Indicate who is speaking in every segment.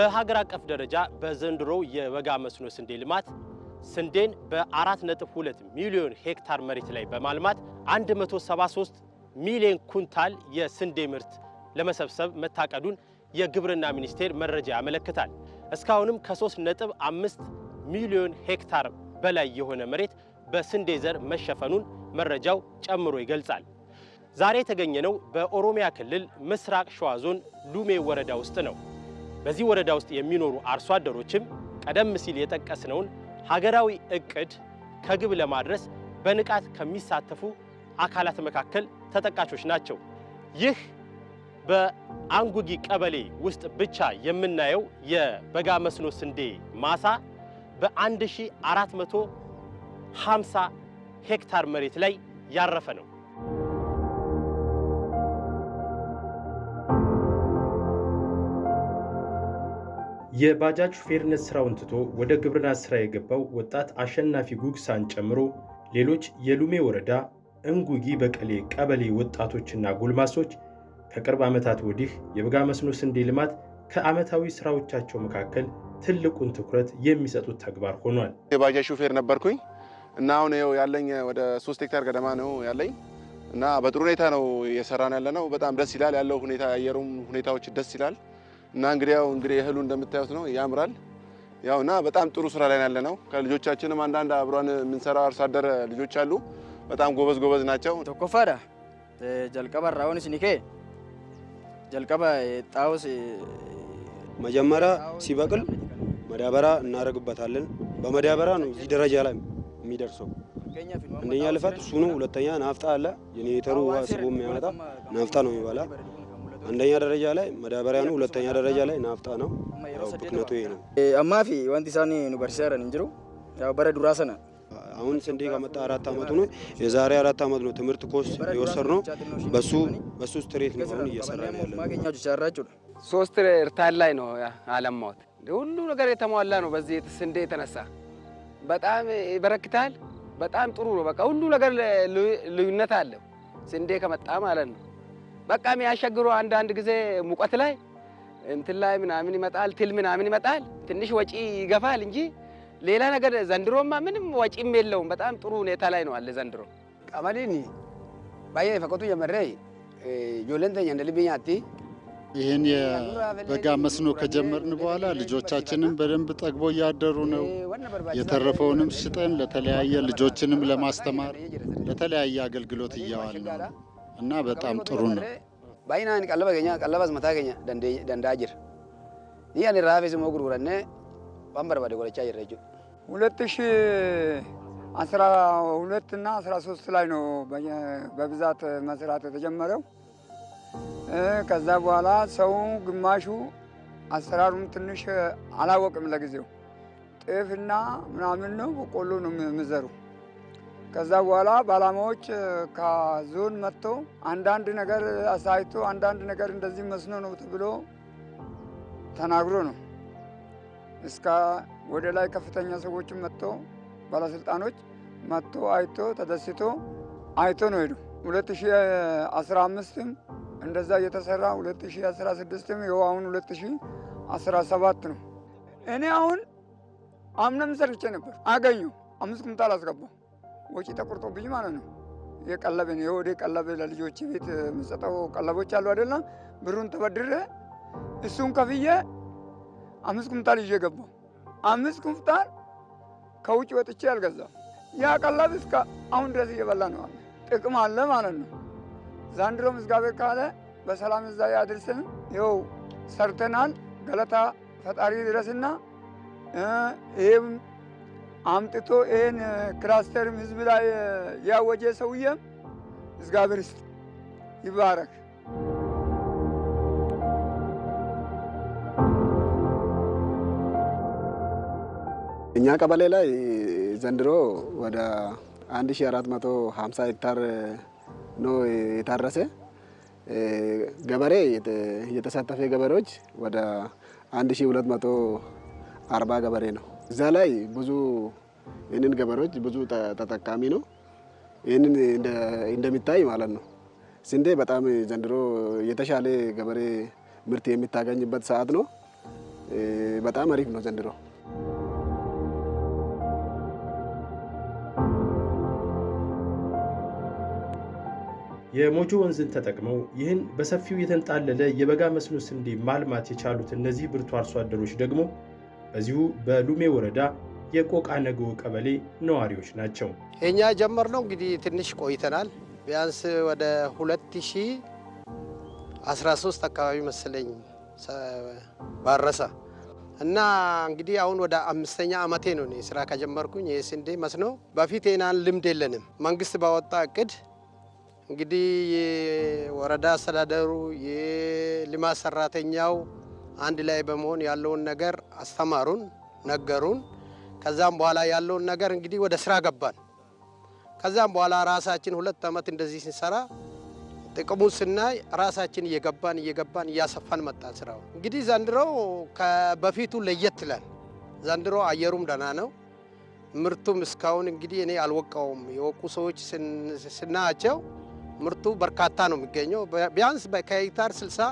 Speaker 1: በሀገር አቀፍ ደረጃ በዘንድሮ የበጋ መስኖ ስንዴ ልማት ስንዴን በ4.2 ሚሊዮን ሄክታር መሬት ላይ በማልማት 173 ሚሊዮን ኩንታል የስንዴ ምርት ለመሰብሰብ መታቀዱን የግብርና ሚኒስቴር መረጃ ያመለክታል። እስካሁንም ከ3.5 ሚሊዮን ሄክታር በላይ የሆነ መሬት በስንዴ ዘር መሸፈኑን መረጃው ጨምሮ ይገልጻል። ዛሬ የተገኘነው በኦሮሚያ ክልል ምስራቅ ሸዋ ዞን ሉሜ ወረዳ ውስጥ ነው። በዚህ ወረዳ ውስጥ የሚኖሩ አርሶ አደሮችም ቀደም ሲል የጠቀስነውን ሀገራዊ እቅድ ከግብ ለማድረስ በንቃት ከሚሳተፉ አካላት መካከል ተጠቃሾች ናቸው። ይህ በአንጉጊ ቀበሌ ውስጥ ብቻ የምናየው የበጋ መስኖ ስንዴ ማሳ በ1450 ሄክታር መሬት ላይ ያረፈ ነው።
Speaker 2: የባጃጅ ሹፌርነት ስራውን ትቶ ወደ ግብርና ስራ የገባው ወጣት አሸናፊ ጉግሳን ጨምሮ ሌሎች የሉሜ ወረዳ እንጉጊ በቀሌ ቀበሌ ወጣቶችና ጎልማሶች ከቅርብ ዓመታት ወዲህ የበጋ መስኖ ስንዴ ልማት ከዓመታዊ ስራዎቻቸው መካከል ትልቁን ትኩረት የሚሰጡት ተግባር ሆኗል።
Speaker 3: የባጃጅ ሹፌር ነበርኩኝ እና አሁን ው ያለኝ ወደ ሶስት ሄክታር ገደማ ነው ያለኝ እና በጥሩ ሁኔታ ነው እየሰራን ያለ ነው። በጣም ደስ ይላል ያለው ሁኔታ፣ አየሩም ሁኔታዎች ደስ ይላል። እና እንግዲህ ያው እንግዲህ እህሉ እንደምታዩት ነው ያምራል። ያው እና በጣም ጥሩ ስራ ላይ ያለ ነው። ከልጆቻችንም አንዳንድ አብሯን የምንሰራው አርሶ አደር ልጆች አሉ። በጣም ጎበዝ ጎበዝ ናቸው።
Speaker 4: ቶኮፋዳ ጀልቀባ ራውንስ ኒኬ ጀልቀባ ጣውስ
Speaker 5: መጀመሪያ ሲበቅል መዳበራ እናደርግበታለን። በመዳበራ ነው እዚህ ደረጃ ላይ የሚደርሰው። አንደኛ ልፋት እሱ ነው። ሁለተኛ ናፍጣ አለ። ጄኔሬተሩ ስቦ የሚያመጣ ናፍጣ ነው የሚበላ አንደኛ ደረጃ ላይ መዳበሪያ ነው፣ ሁለተኛ ደረጃ ላይ ናፍጣ ነው። ብክነቱ ይሄ ነው።
Speaker 4: አማፊ ወንቲ ሳኒ ኑበርሲያረን እንጅሩ ያው በረ ዱራሰና
Speaker 5: አሁን ስንዴ ከመጣ አራት አመቱ ነው። የዛሬ አራት አመት ነው ትምህርት ኮርስ የወሰድ ነው። በሱ በሱ ስትሬት ነው አሁን እየሰራ ነው ያለ
Speaker 6: ሶስት እርታን ላይ ነው አለማወት ሁሉ ነገር የተሟላ ነው። በዚህ ስንዴ የተነሳ በጣም ይበረክታል። በጣም ጥሩ ነው። በቃ ሁሉ ነገር ልዩነት አለው ስንዴ ከመጣ ማለት ነው። በቃ የሚያስቸግሩ አንዳንድ ጊዜ ሙቀት ላይ እንትን ላይ ምናምን ይመጣል፣ ትል ምናምን ይመጣል። ትንሽ ወጪ ይገፋል እንጂ ሌላ ነገር ዘንድሮማ ምንም ወጪም የለውም። በጣም ጥሩ ሁኔታ ላይ ነው አለ ዘንድሮ
Speaker 7: ቀመዲኒ ባየ ፈቆቱ ጀመረ ጆለንተኛ እንደ
Speaker 8: ይህን የበጋ መስኖ ከጀመርን በኋላ ልጆቻችንም በደንብ ጠግቦ እያደሩ ነው። የተረፈውንም ሽጠን ለተለያየ ልጆችንም ለማስተማር ለተለያየ አገልግሎት እያዋል ነው። እና በጣም ጥሩ ነው።
Speaker 7: ባይናን ቀለበ ገኛ ቀለበስ መታ ገኛ ደንዳ ጅር ይያን ራፌ ስሞ ጉርጉረነ ባንበር ባደ ጎለቻ ይረጁ ጅ
Speaker 9: ሁለት ሺ አስራ ሁለት እና አስራ ሶስት ላይ ነው በብዛት መስራት የተጀመረው። ከዛ በኋላ ሰው ግማሹ አሰራሩም ትንሽ አላወቅም። ለጊዜው ጤፍና ምናምን ነው፣ በቆሎ ነው የሚዘሩ ከዛ በኋላ ባላማዎች ከዞን መጥቶ አንዳንድ ነገር አሳይቶ አንዳንድ ነገር እንደዚህ መስኖ ነው ተብሎ ተናግሮ ነው እስከ ወደ ላይ ከፍተኛ ሰዎችም መጥቶ ባለስልጣኖች መጥቶ አይቶ ተደስቶ አይቶ ነው ሄዱ። 2015ም እንደዛ እየተሰራ 2016ም ይኸው አሁን 2017 ነው። እኔ አሁን አምነም ሰርቼ ነበር አገኘሁ። አምስት ኩንታል አስገባሁ። ወጪ ተቆርጦብኝ ማለት ነው። ነው የወደ ቀለብ ለልጆች ቤት የምሰጠው ቀለቦች አሉ አይደለም። ብሩን ተበድሬ እሱን ከፍዬ አምስት ኩምታል ይዤ ገባሁ። አምስት ኩምታል ከውጭ ወጥቼ አልገዛም። ያ ቀለብ እስከ አሁን ድረስ እየበላ ነው። ጥቅም አለ ማለት ነው። ዛንድሮም እግዚአብሔር ካለ በሰላም እዛ ያድርስን። ይኸው ሰርተናል። ገለታ ፈጣሪ ድረስና ይህም አምጥቶ ይህን ክላስተርም ህዝብ ላይ ያወጀ ሰውዬም እግዚአብሔር ይስጥ ይባረክ።
Speaker 5: እኛ ቀበሌ ላይ ዘንድሮ ወደ 1450 ሄክታር ነው የታረሰ። ገበሬ የተሳተፈ ገበሬዎች ወደ 1240 ገበሬ ነው። እዛ ላይ ብዙ ይህንን ገበሬዎች ብዙ ተጠቃሚ ነው። ይህንን እንደሚታይ ማለት ነው ስንዴ በጣም ዘንድሮ የተሻለ ገበሬ ምርት የሚታገኝበት ሰዓት ነው። በጣም አሪፍ ነው ዘንድሮ።
Speaker 2: የሞጆ ወንዝን ተጠቅመው ይህን በሰፊው የተንጣለለ የበጋ መስኖ ስንዴ ማልማት የቻሉት እነዚህ ብርቱ አርሶ አደሮች ደግሞ በዚሁ በሉሜ ወረዳ የቆቃ ነገው ቀበሌ ነዋሪዎች ናቸው።
Speaker 6: እኛ ጀመርነው እንግዲህ ትንሽ ቆይተናል። ቢያንስ ወደ 2013 አካባቢ መሰለኝ ባረሰ እና እንግዲህ አሁን ወደ አምስተኛ ዓመቴ ነው እኔ ስራ ከጀመርኩኝ። ስንዴ መስኖ በፊት ናን ልምድ የለንም። መንግስት ባወጣ እቅድ እንግዲህ የወረዳ አስተዳደሩ የልማት ሰራተኛው አንድ ላይ በመሆን ያለውን ነገር አስተማሩን፣ ነገሩን። ከዛም በኋላ ያለውን ነገር እንግዲህ ወደ ስራ ገባን። ከዛም በኋላ ራሳችን ሁለት ዓመት እንደዚህ ስንሰራ ጥቅሙ ስናይ ራሳችን እየገባን እየገባን እያሰፋን መጣን። ስራው እንግዲህ ዘንድሮ በፊቱ ለየት ይላል። ዘንድሮ አየሩም ደህና ነው። ምርቱም እስካሁን እንግዲህ እኔ አልወቃውም። የወቁ ሰዎች ስናያቸው ምርቱ በርካታ ነው የሚገኘው ቢያንስ ከሄክታር 60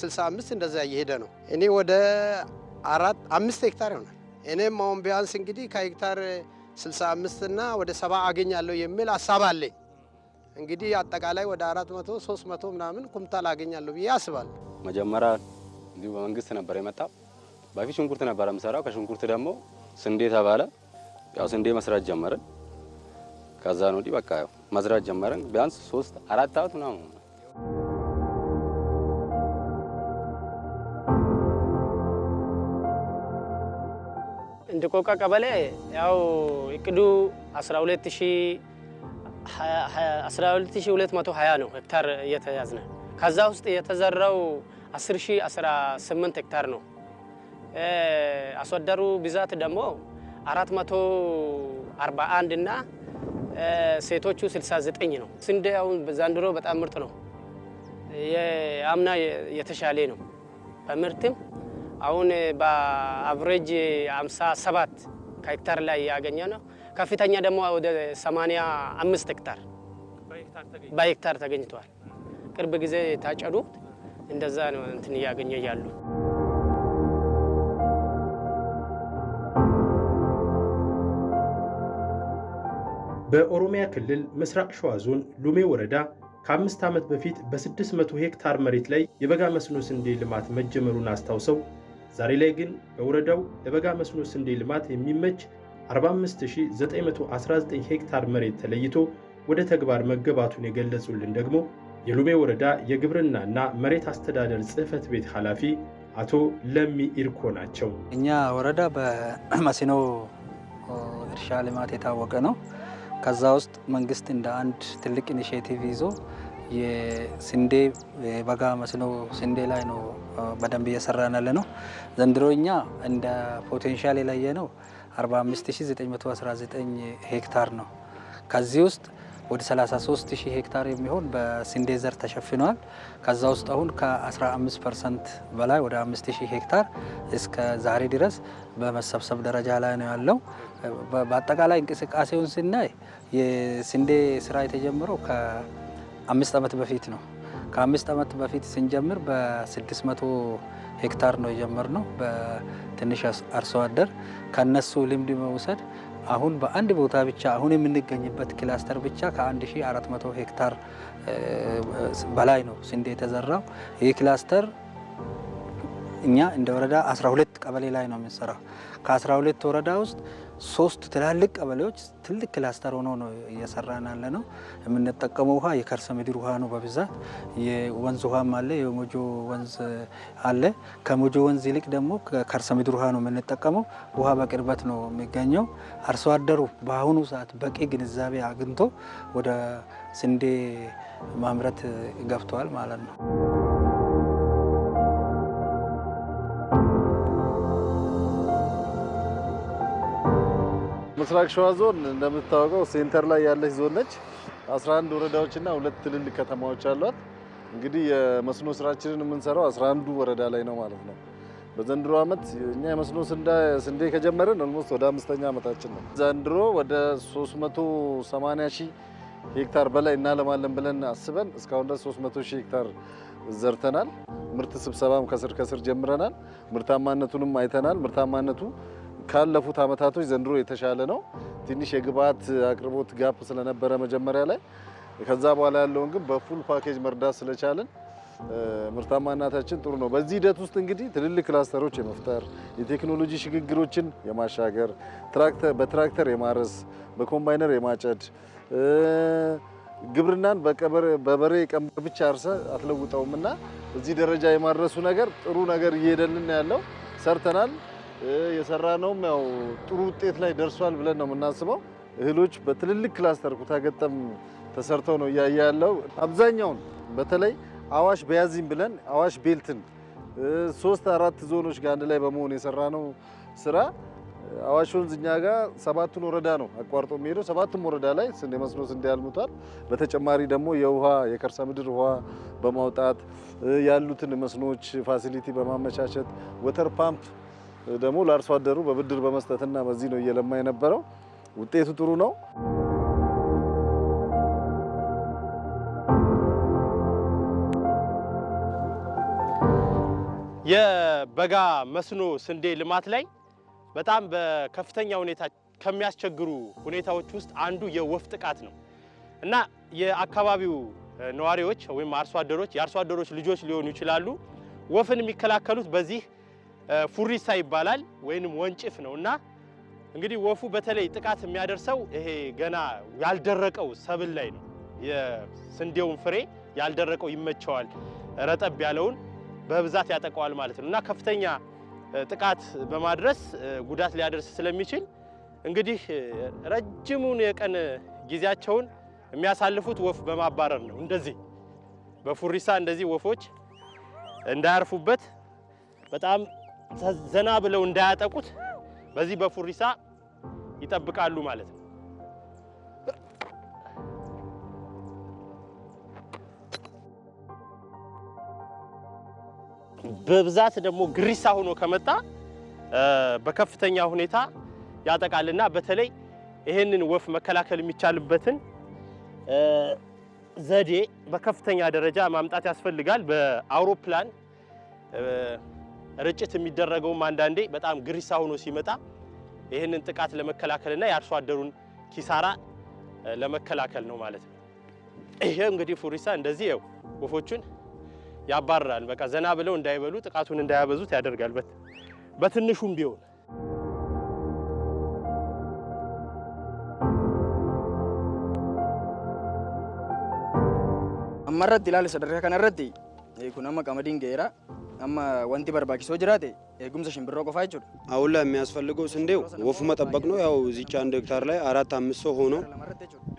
Speaker 6: 65 እንደዛ እየሄደ ነው። እኔ ወደ አራት አምስት ሄክታር ይሆናል። እኔም አሁን ቢያንስ እንግዲህ ከሄክታር 65 እና ወደ ሰባ አገኛለሁ የሚል ሀሳብ አለ። እንግዲህ አጠቃላይ ወደ 400 300 ምናምን ኩምታል አገኛለሁ ብዬ አስባለሁ።
Speaker 10: መጀመሪያ እንዲሁ በመንግስት ነበር የመጣው። በፊት ሽንኩርት ነበር የምሰራው። ከሽንኩርት ደግሞ ስንዴ ተባለ። ያው ስንዴ መስራት ጀመርን። ከዛ ነው ወዲህ በቃ ያው ጀመርን። ቢያንስ ሶስት አራት አመት ምናምን
Speaker 4: የድቆቃ ቀበሌ ያው እቅዱ 12220 ነው ሄክታር እየተያዝነ ከዛ ውስጥ የተዘራው 1018 ሄክታር ነው። አስወደሩ ብዛት ደግሞ 441 እና ሴቶቹ 69 ነው። ስንዴ አሁን ዘንድሮ በጣም ምርጥ ነው። የአምና የተሻለ ነው በምርትም አሁን በአቭሬጅ 57 ከሄክታር ላይ ያገኘ ነው። ከፍተኛ ደግሞ ወደ 85 ሄክታር በሄክታር ተገኝተዋል። ቅርብ ጊዜ ታጨዱ እንደዛ ነው እንትን እያገኘ ያሉ
Speaker 2: በኦሮሚያ ክልል ምስራቅ ሸዋ ዞን ሉሜ ወረዳ ከአምስት ዓመት በፊት በ600 ሄክታር መሬት ላይ የበጋ መስኖ ስንዴ ልማት መጀመሩን አስታውሰው ዛሬ ላይ ግን በወረዳው ለበጋ መስኖ ስንዴ ልማት የሚመች 45919 ሄክታር መሬት ተለይቶ ወደ ተግባር መገባቱን የገለጹልን ደግሞ የሉሜ ወረዳ የግብርና እና መሬት አስተዳደር ጽህፈት ቤት ኃላፊ አቶ ለሚ ኢርኮ ናቸው።
Speaker 6: እኛ ወረዳ በመስኖ እርሻ ልማት የታወቀ ነው። ከዛ ውስጥ መንግስት እንደ አንድ ትልቅ ኢኒሽቲቭ ይዞ የስንዴ በጋ መስኖ ስንዴ ላይ ነው በደንብ እየሰራን ያለ ነው። ዘንድሮ እኛ እንደ ፖቴንሻል የለየ ነው 45919 ሄክታር ነው። ከዚህ ውስጥ ወደ 33000 ሄክታር የሚሆን በስንዴ ዘር ተሸፍኗል። ከዛ ውስጥ አሁን ከ15 ፐርሰንት በላይ ወደ 5000 ሄክታር እስከ ዛሬ ድረስ በመሰብሰብ ደረጃ ላይ ነው ያለው። በአጠቃላይ እንቅስቃሴውን ስናይ የስንዴ ስራ የተጀመረው አምስት ዓመት በፊት ነው። ከአምስት ዓመት በፊት ስንጀምር በ600 ሄክታር ነው የጀመርነው በትንሽ አርሶ አደር ከነሱ ልምድ መውሰድ አሁን በአንድ ቦታ ብቻ አሁን የምንገኝበት ክላስተር ብቻ ከ1400 ሄክታር በላይ ነው ስንዴ የተዘራው ይህ ክላስተር እኛ እንደ ወረዳ 12 ቀበሌ ላይ ነው የምንሰራው። ከ12 ወረዳ ውስጥ ሶስት ትላልቅ ቀበሌዎች ትልቅ ክላስተር ሆኖ ነው እየሰራን ያለ ነው። የምንጠቀመው ውሃ የከርሰ ምድር ውሃ ነው በብዛት የወንዝ ውሃም አለ፣ የሞጆ ወንዝ አለ። ከሞጆ ወንዝ ይልቅ ደግሞ ከከርሰ ምድር ውሃ ነው የምንጠቀመው። ውሃ በቅርበት ነው የሚገኘው። አርሶ አደሩ በአሁኑ ሰዓት በቂ ግንዛቤ አግኝቶ ወደ ስንዴ ማምረት ገብተዋል ማለት ነው።
Speaker 9: ምስራቅ ሸዋ ዞን እንደምታወቀው ሴንተር ላይ ያለች ዞን ነች። 11 ወረዳዎችና ሁለት ትልልቅ ከተማዎች አሏት። እንግዲህ የመስኖ ስራችንን የምንሰራው 11 ወረዳ ላይ ነው ማለት ነው። በዘንድሮ ዓመት እኛ የመስኖ ስንዴ ከጀመርን ኦልሞስት ወደ አምስተኛ ዓመታችን ነው። ዘንድሮ ወደ 380 ሺህ ሄክታር በላይ እናለማለን ብለን አስበን እስካሁን ድረስ 300 ሺህ ሄክታር ዘርተናል። ምርት ስብሰባም ከስር ከስር ጀምረናል። ምርታማነቱንም አይተናል። ምርታማነቱ ካለፉት አመታቶች ዘንድሮ የተሻለ ነው። ትንሽ የግብአት አቅርቦት ጋፕ ስለነበረ መጀመሪያ ላይ፣ ከዛ በኋላ ያለውን ግን በፉል ፓኬጅ መርዳት ስለቻልን ምርታማናታችን ጥሩ ነው። በዚህ ሂደት ውስጥ እንግዲህ ትልልቅ ክላስተሮች የመፍጠር የቴክኖሎጂ ሽግግሮችን የማሻገር በትራክተር የማረስ በኮምባይነር የማጨድ ግብርናን በበሬ ቀንበር ብቻ አርሰ አትለውጠውም እና እዚህ ደረጃ የማድረሱ ነገር ጥሩ ነገር እየሄደልን ያለው ሰርተናል። የሰራ ነውም ያው ጥሩ ውጤት ላይ ደርሷል ብለን ነው የምናስበው። እህሎች በትልልቅ ክላስተር ኩታ ገጠም ተሰርተው ነው እያየ ያለው። አብዛኛውን በተለይ አዋሽ በያዚም ብለን አዋሽ ቤልትን ሶስት አራት ዞኖች ጋር አንድ ላይ በመሆን የሰራ ነው ስራ አዋሽ ወንዝ እኛ ጋር ሰባቱን ወረዳ ነው አቋርጦ የሚሄደው። ሰባቱም ወረዳ ላይ ስንዴ መስኖ ስንዴ ያልሙታል። በተጨማሪ ደግሞ የውሃ የከርሰ ምድር ውሃ በማውጣት ያሉትን መስኖች ፋሲሊቲ በማመቻቸት ወተር ፓምፕ ደግሞ ለአርሶ አደሩ በብድር በመስጠትና በዚህ ነው እየለማ የነበረው። ውጤቱ ጥሩ ነው።
Speaker 4: የበጋ መስኖ ስንዴ ልማት ላይ በጣም በከፍተኛ ሁኔታ ከሚያስቸግሩ ሁኔታዎች ውስጥ አንዱ የወፍ ጥቃት ነው እና የአካባቢው ነዋሪዎች ወይም አርሶ አደሮች የአርሶ አደሮች ልጆች ሊሆኑ ይችላሉ። ወፍን የሚከላከሉት በዚህ ፉሪሳ ይባላል ወይንም ወንጭፍ ነው እና እንግዲህ ወፉ በተለይ ጥቃት የሚያደርሰው ይሄ ገና ያልደረቀው ሰብል ላይ ነው። የስንዴውን ፍሬ ያልደረቀው ይመቸዋል፣ ረጠብ ያለውን በብዛት ያጠቀዋል ማለት ነው እና ከፍተኛ ጥቃት በማድረስ ጉዳት ሊያደርስ ስለሚችል እንግዲህ ረጅሙን የቀን ጊዜያቸውን የሚያሳልፉት ወፍ በማባረር ነው። እንደዚህ በፉሪሳ እንደዚህ ወፎች እንዳያርፉበት በጣም ዘና ብለው እንዳያጠቁት በዚህ በፉሪሳ ይጠብቃሉ ማለት ነው። በብዛት ደግሞ ግሪሳ ሆኖ ከመጣ በከፍተኛ ሁኔታ ያጠቃልና በተለይ ይህንን ወፍ መከላከል የሚቻልበትን ዘዴ በከፍተኛ ደረጃ ማምጣት ያስፈልጋል። በአውሮፕላን ርጭት የሚደረገውም አንዳንዴ በጣም ግሪሳ ሆኖ ሲመጣ ይህንን ጥቃት ለመከላከልና የአርሶ አደሩን ኪሳራ ለመከላከል ነው ማለት ነው። ይሄ እንግዲህ ፉሪሳ እንደዚህ ይኸው ወፎቹን ያባርራል። በቃ ዘና ብለው እንዳይበሉ ጥቃቱን እንዳያበዙት ያደርጋል። በትንሹም ቢሆን አማራት ይላል ሰደረ ከነረቲ ኩናማ ቀመዲን ገይራ amma wanti barbaachisoo jiraate eegumsa ሽንብሮ ቆፋ jechuudha።
Speaker 5: አሁን ላይ የሚያስፈልገው ስንዴው ወፉ መጠበቅ ነው። ያው እዚች አንድ ሄክታር ላይ አራት አምስት ሰው ሆኖ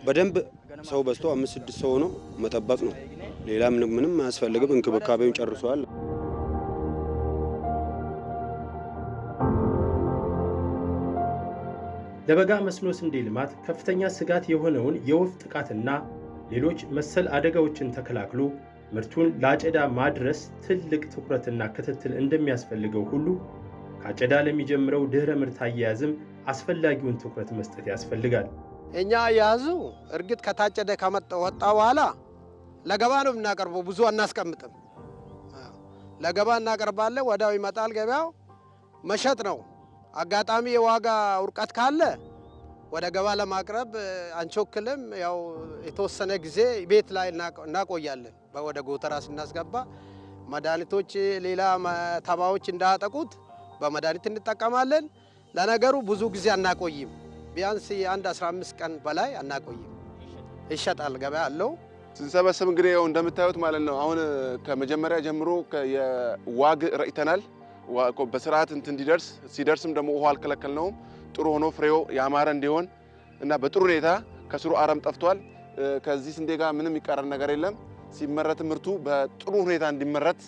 Speaker 5: በደንብ ሰው በዝቶ አምስት ስድስት ሰው ሆኖ መጠበቅ ነው። ሌላ ምንም ምንም አያስፈልግም። እንክብካቤውን ጨርሷል።
Speaker 2: ለበጋ መስኖ ስንዴ ልማት ከፍተኛ ስጋት የሆነውን የወፍ ጥቃትና ሌሎች መሰል አደጋዎችን ተከላክሎ ምርቱን ለአጨዳ ማድረስ ትልቅ ትኩረትና ክትትል እንደሚያስፈልገው ሁሉ ከአጨዳ ለሚጀምረው ድኅረ ምርት አያያዝም አስፈላጊውን ትኩረት መስጠት ያስፈልጋል።
Speaker 6: እኛ አያያዙ እርግጥ ከታጨደ ከመጣ ወጣ በኋላ ለገባ ነው የምናቀርበው። ብዙ አናስቀምጥም፣ ለገባ እናቀርባለን። ወዳው ይመጣል፣ ገበያው መሸጥ ነው። አጋጣሚ የዋጋ ውርቀት ካለ ወደ ገባ ለማቅረብ አንቾክልም። ያው የተወሰነ ጊዜ ቤት ላይ እናቆያለን። ወደ ጎተራ ስናስገባ መድኃኒቶች ሌላ ተባዎች እንዳያጠቁት በመድኃኒት እንጠቀማለን። ለነገሩ ብዙ ጊዜ አናቆይም። ቢያንስ የአንድ 15 ቀን በላይ አናቆይም። ይሸጣል፣ ገበያ አለው።
Speaker 3: ስንሰበስብ እንግዲህ ያው እንደምታዩት ማለት ነው። አሁን ከመጀመሪያ ጀምሮ የዋግ ረጭተናል በስርዓት እንትን እንዲደርስ ሲደርስም ደግሞ ውሃ አልከለከልነውም። ጥሩ ሆኖ ፍሬው ያማረ እንዲሆን እና በጥሩ ሁኔታ ከስሩ አረም ጠፍቷል። ከዚህ ስንዴ ጋር ምንም ይቃረን ነገር የለም። ሲመረት ምርቱ በጥሩ ሁኔታ እንዲመረት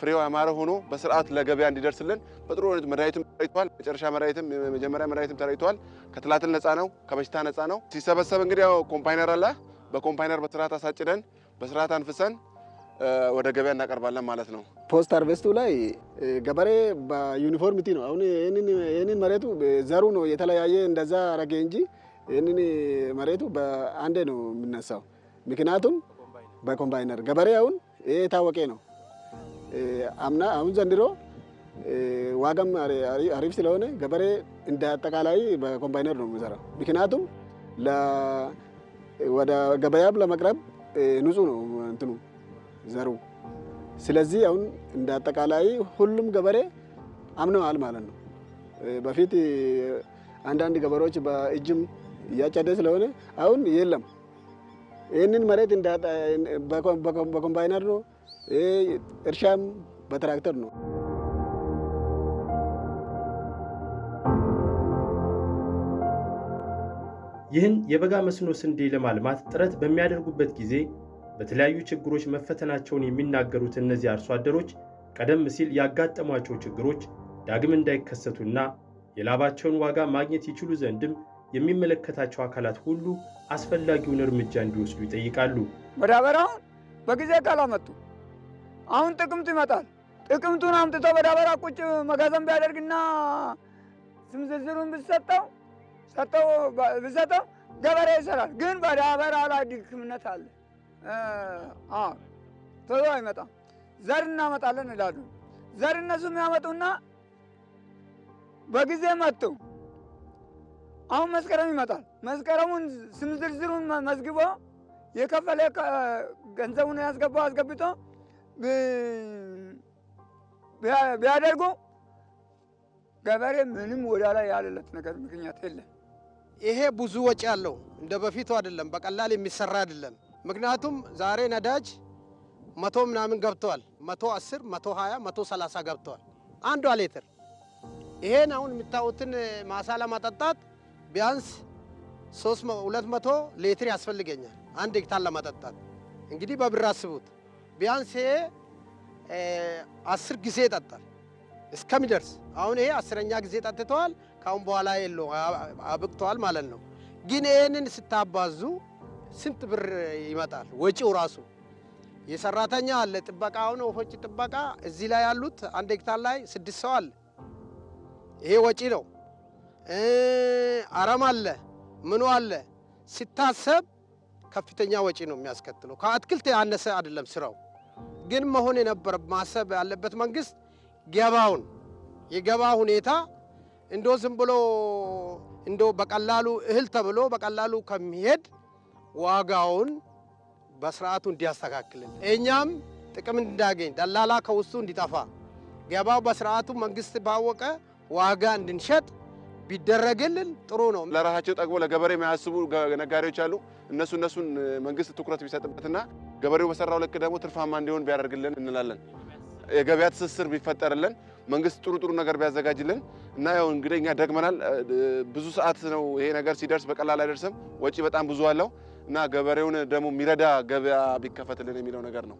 Speaker 3: ፍሬው ያማረ ሆኖ በስርዓት ለገበያ እንዲደርስልን በጥሩ ሁኔታ መድኃኒትም ተለይቷል። መጨረሻ መድኃኒትም የመጀመሪያ መድኃኒትም ተለይቷል። ከትላትል ነፃ ነው፣ ከበሽታ ነፃ ነው። ሲሰበሰብ እንግዲህ ያው ኮምፓይነር አለ። በኮምፓይነር በስርዓት አሳጭደን በስርዓት አንፍሰን ወደ ገበያ እናቀርባለን ማለት ነው።
Speaker 5: ፖስት አርቬስቱ ላይ ገበሬ በዩኒፎርሚቲ ነው። አሁን ይህንን መሬቱ ዘሩ ነው የተለያየ እንደዛ አረገ እንጂ ይህንን መሬቱ በአንዴ ነው የምነሳው ምክንያቱም በኮምባይነር ገበሬ አሁን ይሄ የታወቀ ነው። አምና አሁን ዘንድሮ ዋጋም አሪፍ ስለሆነ ገበሬ እንደ አጠቃላይ በኮምባይነር ነው የሚሰራው። ምክንያቱም ወደ ገበያም ለመቅረብ ንጹህ ነው እንትኑ ዘሩ። ስለዚህ አሁን እንደ አጠቃላይ ሁሉም ገበሬ አምነዋል ማለት ነው። በፊት አንዳንድ ገበሬዎች በእጅም እያጨደ ስለሆነ አሁን የለም ይህንን መሬት በኮምባይነር ነው፣ እርሻም በትራክተር ነው።
Speaker 2: ይህን የበጋ መስኖ ስንዴ ለማልማት ጥረት በሚያደርጉበት ጊዜ በተለያዩ ችግሮች መፈተናቸውን የሚናገሩት እነዚህ አርሶ አደሮች ቀደም ሲል ያጋጠሟቸው ችግሮች ዳግም እንዳይከሰቱና የላባቸውን ዋጋ ማግኘት ይችሉ ዘንድም የሚመለከታቸው አካላት ሁሉ አስፈላጊውን እርምጃ እንዲወስዱ ይጠይቃሉ።
Speaker 6: መዳበሪያ አሁን በጊዜ ካላመጡ አሁን ጥቅምቱ ይመጣል። ጥቅምቱን አምጥተው መዳበሪያ ቁጭ መጋዘን ቢያደርግና ስም ዝርዝሩን ብሰጠው ሰጠው ብሰጠው ገበሬ ይሰራል። ግን መዳበሪያ ላይ ድክምነት አለ። ቶሎ አይመጣም። ዘር እናመጣለን ይላሉ። ዘር እነሱ የሚያመጡና በጊዜ መጡ አሁን መስከረም ይመጣል። መስከረሙን ስም ዝርዝሩን መዝግቦ የከፈለ ገንዘቡን ያስገባው አስገብቶ ቢያደርጉ ገበሬ ምንም ወዳ ላይ ያለለት ነገር ምክንያት የለም።
Speaker 4: ይሄ ብዙ ወጪ አለው። እንደ በፊቱ አይደለም፣ በቀላል የሚሰራ አይደለም። ምክንያቱም ዛሬ ነዳጅ መቶ ምናምን ገብተዋል፣ መቶ አስር መቶ ሀያ መቶ ሰላሳ ገብተዋል አንዷ ሌትር። ይሄን አሁን የምታዩትን ማሳ ለማጠጣት ቢያንስ መቶ ሌትር ያስፈልገኛል አንድ ሄክታር ለመጠጣት። እንግዲህ በብር አስቡት። ቢያንስ ይሄ አስር ጊዜ ይጠጣል እስከሚደርስ። አሁን ይሄ አስረኛ ጊዜ ጠጥተዋል። ካሁን በኋላ የለው አብቅተዋል ማለት ነው። ግን ይህንን ስታባዙ ስንት ብር ይመጣል? ወጪው ራሱ የሰራተኛ አለ፣ ጥበቃ አሁን ወፎች ጥበቃ እዚህ ላይ ያሉት አንድ ሄክታር ላይ ስድስት ሰው አለ። ይሄ ወጪ ነው። አረም አለ ምኑ አለ ሲታሰብ ከፍተኛ ወጪ ነው የሚያስከትለው። ከአትክልት ያነሰ አይደለም ስራው። ግን መሆን የነበረ ማሰብ ያለበት መንግስት ገባውን የገባ ሁኔታ እንዶ ዝም ብሎ እንዶ በቀላሉ እህል ተብሎ በቀላሉ ከሚሄድ ዋጋውን በስርዓቱ እንዲያስተካክልን እኛም ጥቅም እንዳገኝ ደላላ ከውስጡ እንዲጠፋ ገባው በስርዓቱ መንግስት ባወቀ ዋጋ እንድንሸጥ ቢደረግልን ጥሩ ነው።
Speaker 3: ለራሳቸው ጠግቦ ለገበሬ የሚያስቡ ነጋዴዎች አሉ። እነሱ እነሱን መንግስት ትኩረት ቢሰጥበትና ገበሬው በሰራው ልክ ደግሞ ትርፋማ እንዲሆን ቢያደርግልን እንላለን። የገበያ ትስስር ቢፈጠርልን መንግስት ጥሩ ጥሩ ነገር ቢያዘጋጅልን እና ያው እንግዲህ እኛ ደግመናል። ብዙ ሰዓት ነው ይሄ ነገር ሲደርስ፣ በቀላል አይደርስም። ወጪ በጣም ብዙ አለው እና ገበሬውን ደግሞ የሚረዳ ገበያ ቢከፈትልን የሚለው ነገር ነው።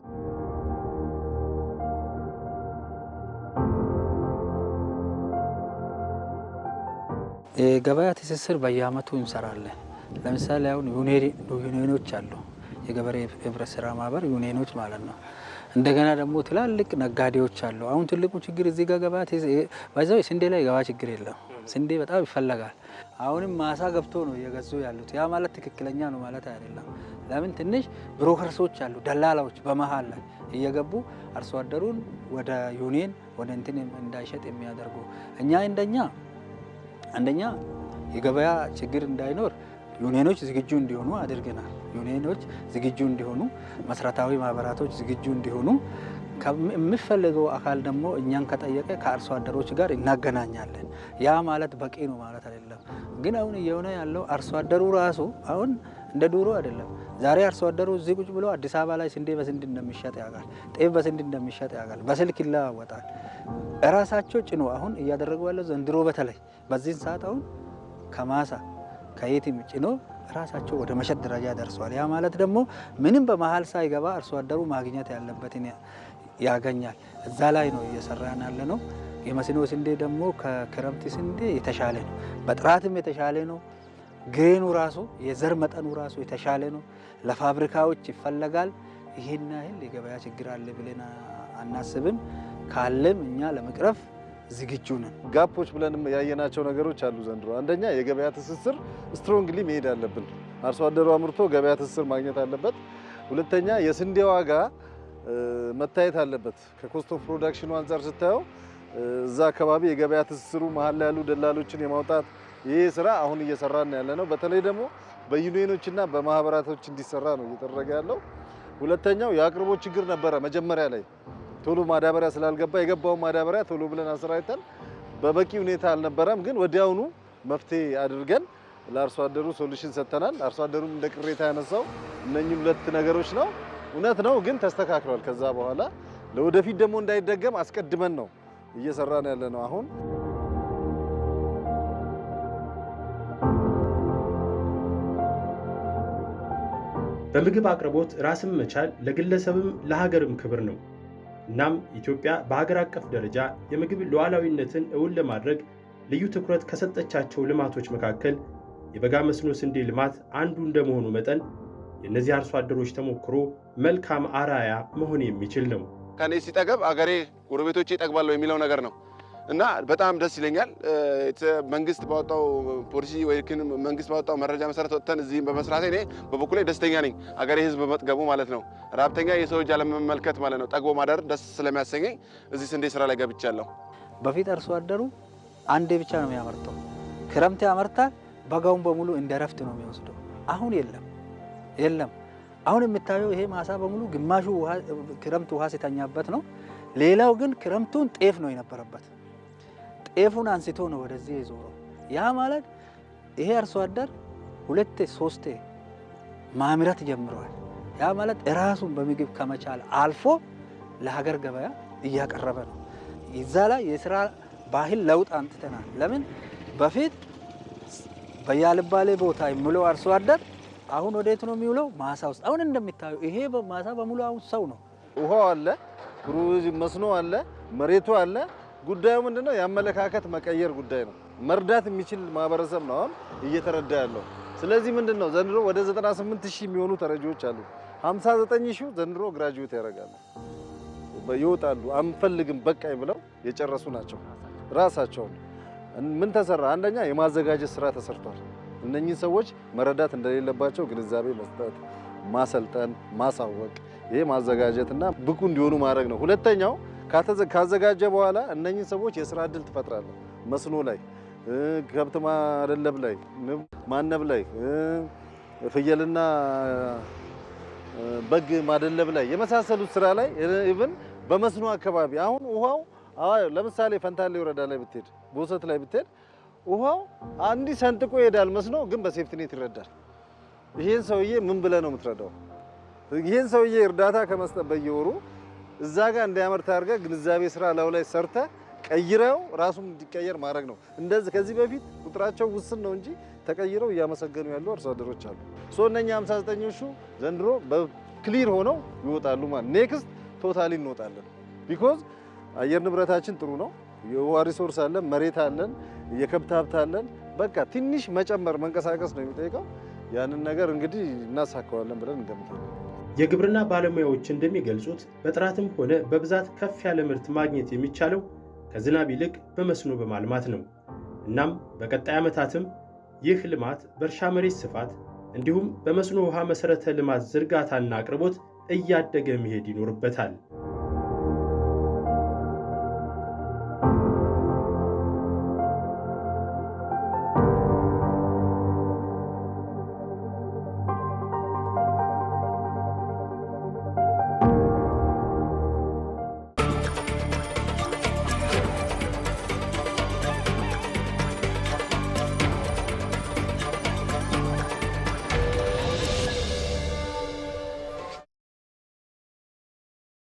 Speaker 6: የገበያ ትስስር በየአመቱ እንሰራለን። ለምሳሌ አሁን ዩኒዮኖች አሉ፣ የገበሬ ህብረት ስራ ማህበር ዩኒዮኖች ማለት ነው። እንደገና ደግሞ ትላልቅ ነጋዴዎች አሉ። አሁን ትልቁ ችግር እዚህ ጋር ገበያ ባይዛው ስንዴ ላይ ገበያ ችግር የለም። ስንዴ በጣም ይፈለጋል። አሁንም ማሳ ገብቶ ነው እየገዙ ያሉት። ያ ማለት ትክክለኛ ነው ማለት አይደለም። ለምን ትንሽ ብሮከርሶች አሉ፣ ደላላዎች በመሀል ላይ እየገቡ አርሶ አደሩን ወደ ዩኒየን ወደ እንትን እንዳይሸጥ የሚያደርጉ እኛ እንደኛ አንደኛ የገበያ ችግር እንዳይኖር ዩኒየኖች ዝግጁ እንዲሆኑ አድርገናል። ዩኒየኖች ዝግጁ እንዲሆኑ፣ መሰረታዊ ማህበራቶች ዝግጁ እንዲሆኑ የሚፈለገው አካል ደግሞ እኛን ከጠየቀ ከአርሶ አደሮች ጋር እናገናኛለን። ያ ማለት በቂ ነው ማለት አይደለም። ግን አሁን እየሆነ ያለው አርሶ አደሩ ራሱ አሁን እንደ ዱሮ አይደለም። ዛሬ አርሶ አደሩ እዚህ ቁጭ ብሎ አዲስ አበባ ላይ ስንዴ በስንድ እንደሚሸጥ ያውቃል፣ ጤፍ በስንድ እንደሚሸጥ ያውቃል፣ በስልክ ይለዋወጣል። እራሳቸው ጭኖ አሁን እያደረጉ ያለው ዘንድሮ በተለይ በዚህን ሰዓት አሁን ከማሳ ከየትም ጭኖ ራሳቸው ወደ መሸጥ ደረጃ ደርሰዋል። ያ ማለት ደግሞ ምንም በመሀል ሳይገባ አርሶ አደሩ ማግኘት ያለበትን ያገኛል። እዛ ላይ ነው እየሰራን ያለ ነው። የመስኖ ስንዴ ደግሞ ከክረምት ስንዴ የተሻለ ነው። በጥራትም የተሻለ ነው። ግሬኑ ራሱ የዘር መጠኑ ራሱ የተሻለ ነው። ለፋብሪካዎች ይፈለጋል። ይህን ያህል የገበያ ችግር አለ ብለን አናስብም። ካለም እኛ ለመቅረፍ ዝግጁ ነን።
Speaker 3: ጋፖች ብለን ያየናቸው ነገሮች አሉ ዘንድሮ። አንደኛ የገበያ ትስስር ስትሮንግሊ መሄድ አለብን። አርሶ አደሩ አምርቶ ገበያ ትስስር ማግኘት አለበት። ሁለተኛ የስንዴ ዋጋ መታየት አለበት። ከኮስት ኦፍ ፕሮዳክሽኑ አንጻር ስታየው እዛ አካባቢ የገበያ ትስስሩ መሀል ላይ ያሉ ደላሎችን የማውጣት ይሄ ስራ አሁን እየሰራን ያለ ነው። በተለይ ደግሞ በዩኒየኖችና በማህበራቶች እንዲሰራ ነው እየተደረገ ያለው። ሁለተኛው የአቅርቦት ችግር ነበረ መጀመሪያ ላይ ቶሎ ማዳበሪያ ስላልገባ የገባውን ማዳበሪያ ቶሎ ብለን አሰራጭተን በበቂ ሁኔታ አልነበረም፣ ግን ወዲያውኑ መፍትሄ አድርገን ለአርሶ አደሩ ሶሉሽን ሰጥተናል። አርሶ አደሩም እንደ ቅሬታ ያነሳው እነኚህ ሁለት ነገሮች ነው። እውነት ነው፣ ግን ተስተካክሏል። ከዛ በኋላ ለወደፊት ደግሞ እንዳይደገም አስቀድመን ነው እየሰራን ያለ ነው አሁን
Speaker 2: በምግብ አቅርቦት ራስን መቻል ለግለሰብም ለሀገርም ክብር ነው። እናም ኢትዮጵያ በሀገር አቀፍ ደረጃ የምግብ ሉዓላዊነትን እውን ለማድረግ ልዩ ትኩረት ከሰጠቻቸው ልማቶች መካከል የበጋ መስኖ ስንዴ ልማት አንዱ እንደመሆኑ መጠን የእነዚህ አርሶ አደሮች ተሞክሮ መልካም አራያ መሆን የሚችል ነው።
Speaker 3: ከኔ ሲጠገብ አገሬ ጎረቤቶቼ ይጠግባለሁ የሚለው ነገር ነው። እና በጣም ደስ ይለኛል። መንግስት ባወጣው ፖሊሲ ወይ መንግስት ባወጣው መረጃ መሰረት ወጥተን እዚህ በመስራቴ እኔ በበኩሌ ደስተኛ ነኝ። አገሬ ህዝብ በመጥገቡ ማለት ነው። ራብተኛ የሰው እጅ አለመመልከት ማለት ነው። ጠግቦ ማደር ደስ ስለሚያሰኘኝ እዚህ ስንዴ ስራ ላይ ገብቻለሁ።
Speaker 6: በፊት አርሶ አደሩ አንዴ ብቻ ነው የሚያመርተው። ክረምት ያመርታል፣ በጋውን በሙሉ እንደ ረፍት ነው የሚወስደው። አሁን የለም የለም። አሁን የምታየው ይሄ ማሳ በሙሉ ግማሹ ክረምት ውሃ ሲተኛበት ነው። ሌላው ግን ክረምቱን ጤፍ ነው የነበረበት። ጤፉን አንስቶ ነው ወደዚህ የዞረው። ያ ማለት ይሄ አርሶ አደር ሁለቴ ሶስቴ ማምረት ጀምረዋል። ያ ማለት እራሱን በምግብ ከመቻል አልፎ ለሀገር ገበያ እያቀረበ ነው። ይዛ ላይ የስራ ባህል ለውጥ አምጥተናል። ለምን በፊት በያልባሌ ቦታ የሚውለው አርሶ አደር አሁን ወዴት ነው የሚውለው? ማሳ ውስጥ። አሁን እንደሚታዩ ይሄ ማሳ በሙሉ አሁን ሰው ነው።
Speaker 5: ውሃው አለ፣ ሩዝ መስኖ አለ፣ መሬቱ አለ ጉዳዩ ምንድነው? የአመለካከት መቀየር ጉዳይ ነው። መርዳት የሚችል ማህበረሰብ ነው አሁን እየተረዳ ያለው። ስለዚህ ምንድነው ዘንድሮ ወደ 98 ሺህ የሚሆኑ ተረጂዎች አሉ። 59 ሺህ ዘንድሮ ግራጁዌት ያደርጋሉ፣ ይወጣሉ። አንፈልግም በቃኝ ብለው የጨረሱ ናቸው ራሳቸው። ምን ተሰራ? አንደኛ የማዘጋጀት ስራ ተሰርቷል። እነኚህ ሰዎች መረዳት እንደሌለባቸው ግንዛቤ መስጠት፣ ማሰልጠን፣ ማሳወቅ፣ ይሄ ማዘጋጀትና ብቁ እንዲሆኑ ማድረግ ነው። ሁለተኛው ካዘጋጀ በኋላ እነኚህ ሰዎች የስራ እድል ትፈጥራለህ። መስኖ ላይ፣ ከብት ማደለብ ላይ፣ ማነብ ላይ፣ ፍየልና በግ ማደለብ ላይ የመሳሰሉት ስራ ላይ ኢቭን በመስኖ አካባቢ አሁን ውሃው ለምሳሌ ፈንታሌ ወረዳ ላይ ብትሄድ፣ ቦሰት ላይ ብትሄድ ውሃው አንዲ ሰንጥቆ ይሄዳል። መስኖ ግን በሴፍትኔት ይረዳል። ይህን ሰውዬ ምን ብለህ ነው የምትረዳው? ይህን ሰውዬ እርዳታ ከመስጠት በየወሩ እዛ ጋር እንዲያመርት አድርገህ ግንዛቤ ስራ ለው ላይ ሰርተ ቀይረው ራሱም እንዲቀየር ማድረግ ነው። እንደዚህ ከዚህ በፊት ቁጥራቸው ውስን ነው እንጂ ተቀይረው እያመሰገኑ ያሉ አርሶ አደሮች አሉ። ሶ እነኛ 59ዎቹ ዘንድሮ በክሊር ሆነው ይወጣሉ ማለት ኔክስት ቶታሊ እንወጣለን። ቢኮዝ አየር ንብረታችን ጥሩ ነው። የውሃ ሪሶርስ አለን፣ መሬት አለን፣ የከብት ሀብት አለን። በቃ ትንሽ መጨመር መንቀሳቀስ ነው የሚጠይቀው። ያንን ነገር እንግዲህ እናሳካዋለን ብለን እንገምታለን።
Speaker 2: የግብርና ባለሙያዎች እንደሚገልጹት በጥራትም ሆነ በብዛት ከፍ ያለ ምርት ማግኘት የሚቻለው ከዝናብ ይልቅ በመስኖ በማልማት ነው። እናም በቀጣይ ዓመታትም ይህ ልማት በእርሻ መሬት ስፋት እንዲሁም በመስኖ ውሃ መሠረተ ልማት ዝርጋታና አቅርቦት እያደገ መሄድ ይኖርበታል።